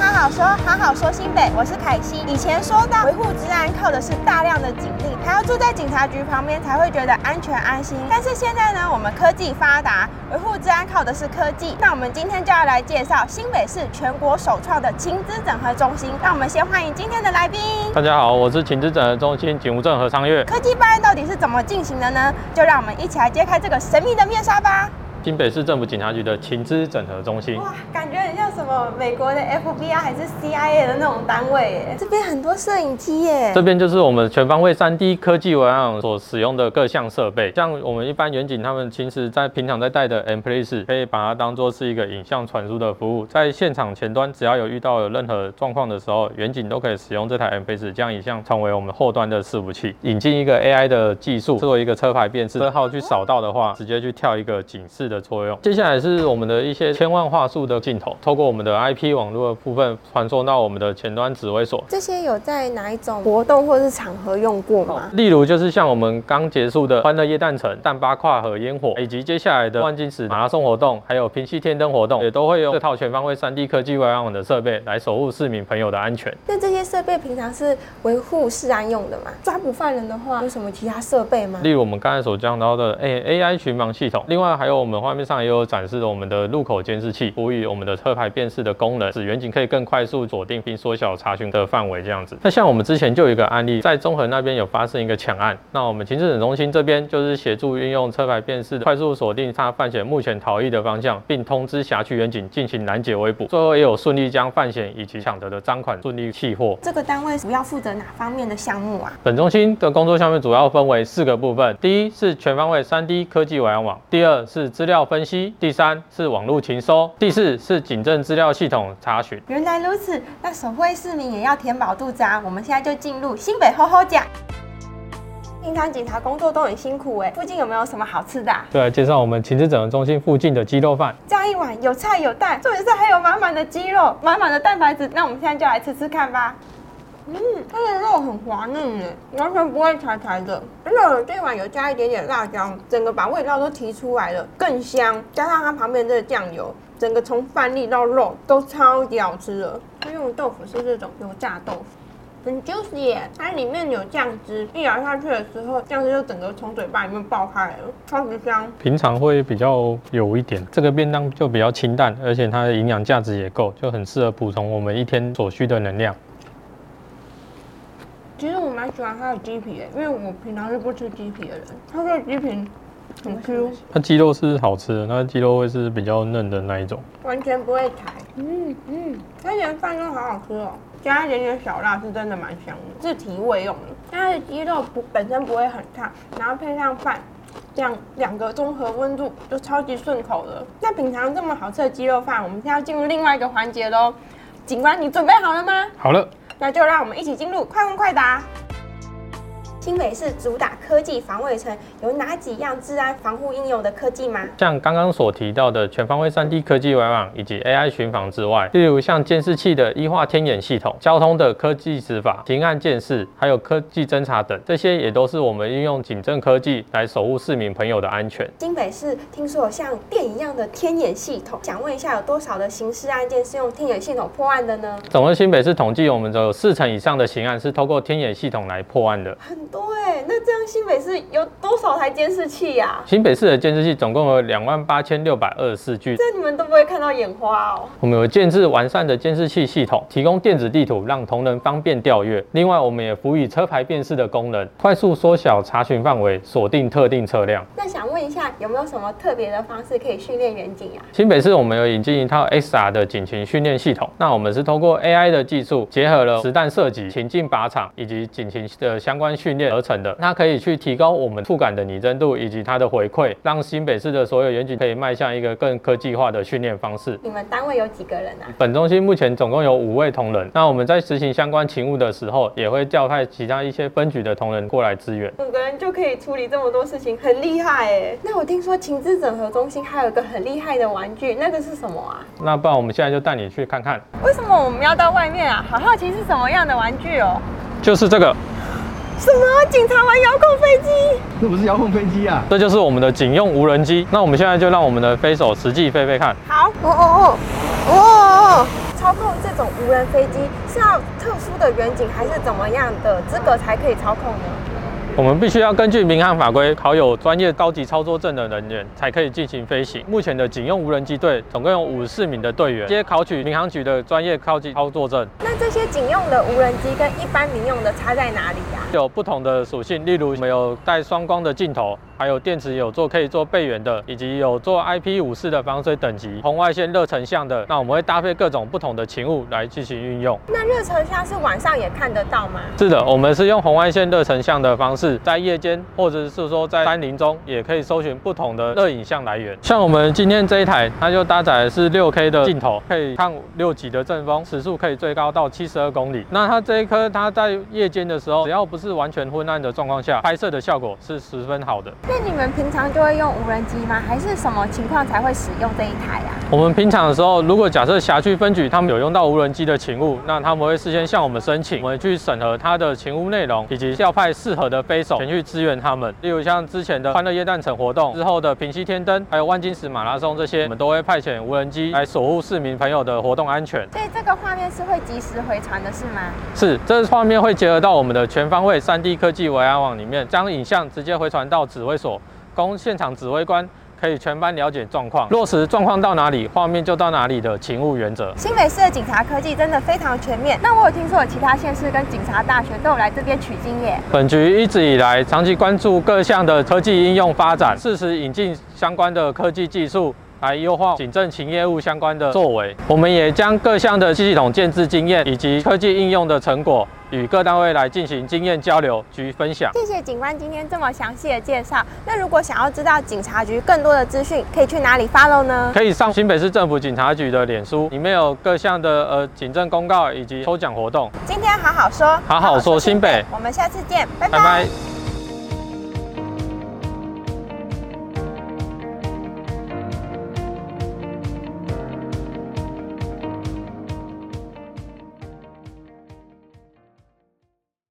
好好說，好好說，新北，我是凱西。以前說到維護治安靠的是大量的警力，還要住在警察局旁邊才會覺得安全安心。但是現在呢，我們科技發達，維護治安靠的是科技。那我們今天就要來介紹新北市全國首創的情資整合中心。讓我們先歡迎今天的來賓。大家好，我是情資整合中心，警務正何昌岳。科技辦案到底是怎麼進行的呢？就讓我們一起來揭開這個神秘的面紗吧。新北市政府警察局的情資整合中心，哇，感覺很像什麼美國的 FBI 還是 CIA 的那種單位，誒這邊很多攝影機耶。這邊就是我們全方位 3D 科技維安網所使用的各項設備，像我們一般員警他們其實，在平常在帶的 M Place 可以把它當做是一個影像傳輸的服務，在現場前端只要有遇到有任何狀況的時候，員警都可以使用這台 M Place 將影像成為我們後端的伺服器，引進一個 AI 的技術，做一個車牌辨識，車號去掃到的話、哦，直接去跳一個警示的。的作用。接下來是我們的一些千萬畫素的鏡頭，透過我們的 IP 網絡的部分傳送到我們的前端指揮所。這些有在哪一種活動或是場合用過嗎？例如就是像我們剛結束的歡樂耶誕城、淡八跨河煙火，以及接下來的萬金石馬拉松活動，還有平溪天燈活動，也都會用這套全方位 3D 科技維安網的設備來守護市民朋友的安全。那這些設備平常是維護治安用的嗎？抓捕犯人的話，有什麼其他設備嗎？例如我們剛才所講到的，AI 群防系統，另外還有我們。畫面上也有展示了我們的路口監視器，輔以我們的車牌辨識的功能，使員警可以更快速鎖定並縮小查詢的範圍。這樣子，那像我們之前就有一個案例，在中和那邊有發生一個搶案，那我們勤務指揮中心這邊就是協助運用車牌辨識，快速鎖定他犯嫌目前逃逸的方向，並通知轄區員警進行攔截圍捕，最後也有順利將犯嫌以及搶得的贓款順利起獲。這個單位主要負責哪方面的項目啊？本中心的工作項目主要分為四個部分，第一是全方位 3D 科技維安網，第二是資資料分析，第三是網絡情蒐，第四是警政資料系統查詢。原來如此，那守護市民也要填飽肚子啊！我們現在就進入新北厚厚呷。平常警察工作都很辛苦哎、欸，附近有沒有什麼好吃的、啊？對，介紹我們情資整合中心附近的雞肉飯，這樣一碗有菜有蛋，重點是還有滿滿的雞肉，滿滿的蛋白質。那我們現在就來吃吃看吧。嗯，它的肉很滑嫩耶，完全不會柴柴的。真的，這一碗有加一點點辣椒，整個把味道都提出來了，更香。加上它旁邊這個醬油，整個從飯粒到肉都超級好吃的。它用的豆腐是這種油炸豆腐，很 juicy 耶，它裡面有醬汁，一咬下去的時候，醬汁就整個從嘴巴裡面爆開來了，超級香。平常會比較有一點，這個便當就比較清淡，而且它的營養價值也夠，就很適合補充我們一天所需的能量。其實我蠻喜歡它的雞皮欸，因為我平常是不吃雞皮的人。它說雞皮很 Q，它雞肉是好吃的，那個雞肉會是比較嫩的那一種，完全不會柴。嗯嗯，它連飯都好好吃哦、喔，加一點點小辣是真的蠻香的，是提味用的。它的雞肉不本身不會很燙，然後配上飯，這樣兩個綜合溫度就超級順口了。那品嘗這麼好吃的雞肉飯，我們是要進入另外一個環節嘍，警官你準備好了嗎？好了。那就讓我們一起進入快問快答啊。新北市主打科技防衛城，有哪幾樣治安防護應用的科技嗎？像剛剛所提到的全方位 3D 科技維安網，以及 AI 巡防之外，例如像監視器的 e 化天眼系統、交通的科技執法、刑案監視，還有科技偵查等，這些也都是我們運用警政科技來守護市民朋友的安全。新北市聽說有像電影一樣的天眼系統，想問一下有多少的刑事案件是用天眼系統破案的呢？整個新北市統計，我們都有四成以上的刑案是透過天眼系統來破案的。很多對，那這樣新北市有多少台監視器呀、啊？新北市的監視器總共有兩萬八千六百二十四具，這你們都不會看到眼花哦。我們有建置完善的監視器系統，提供電子地圖，讓同仁方便調閱。另外，我們也輔以車牌辨識的功能，快速縮小查詢範圍，鎖定特定車輛。那想問一下，有沒有什麼特別的方式可以訓練員警呀？新北市我們有引進一套 XR 的警情訓練系統。那我們是通過 A I 的技術，結合了實彈射擊、情境靶場以及警情的相關訓。練而成的，它可以去提高我們觸感的擬真度以及它的回饋，讓新北市的所有員警可以邁向一個更科技化的訓練方式。你們單位有幾個人啊？本中心目前總共有五位同仁，那我們在實行相關勤務的時候，也會調派其他一些分局的同仁過來支援。五個人就可以處理這麼多事情，很厲害哎！那我聽說情資整合中心還有一個很厲害的玩具，那個是什麼啊？那不然我們現在就帶你去看看。為什麼我們要到外面啊？好好奇是什麼樣的玩具哦？就是這個。什麼？警察玩遙控飛機？這不是遙控飛機啊，這就是我們的警用無人機。那我們現在就讓我們的飛手實際飛飛看。好，哦哦哦哦，哦哦！操控這種無人飛機是要特殊的遠景還是怎麼樣的資格才可以操控呢？嗯？我們必須要根據民航法規考有專業高級操作證的人員才可以進行飛行。目前的警用無人機隊總共有五十四名的隊員，皆考取民航局的專業高級操作證。那這些警用的無人機跟一般民用的差在哪裡？有不同的屬性，例如沒有帶雙光的鏡頭。還有電池有做可以做備源的，以及有做 IP 五四的防水等級，紅外線熱成像的。那我們會搭配各種不同的勤務來進行運用。那熱成像是晚上也看得到嗎？是的，我們是用紅外線熱成像的方式，在夜間或者是說在山林中，也可以搜尋不同的熱影像來源。像我們今天這一台，它就搭載的是六 K 的鏡頭，可以看六級的陣風，時速可以最高到七十二公里。那它這一顆，它在夜間的時候，只要不是完全昏暗的狀況下，拍攝的效果是十分好的。那你們平常就會用無人機嗎？還是什麼情況才會使用這一台呀、啊？我們平常的時候，如果假設轄區分局他們有用到無人機的勤務，那他們會事先向我們申請，我們去審核他的勤務內容，以及要派適合的飛手前去支援他們。例如像之前的歡樂耶誕城活動之後的平溪天燈，還有萬金石馬拉松這些，我們都會派遣無人機來守護市民朋友的活動安全。所以這個畫面是會即時回傳的是嗎？是，這個、畫面會結合到我們的全方位三 D 科技維安網，網裡面，將影像直接回傳到指揮所，供現場指揮官。可以全班了解狀況，落實狀況到哪裡，畫面就到哪裡的勤務原則。新北市的警察科技真的非常全面，那我有聽說有其他縣市跟警察大學都有來這邊取經耶。本局一直以來長期關注各項的科技應用發展，適時引進相關的科技技術。來優化警政勤業務相關的作為。我們也將各項的系統建置經驗以及科技應用的成果，與各單位來進行經驗交流及分享。謝謝警官今天這麼詳細的介紹。那如果想要知道警察局更多的資訊，可以去哪裡 follow 呢？可以上新北市政府警察局的臉書，裡面有各項的呃警政公告以及抽獎活動。今天好好說，好好說，好好說新北，我們下次見，拜拜。Bye bye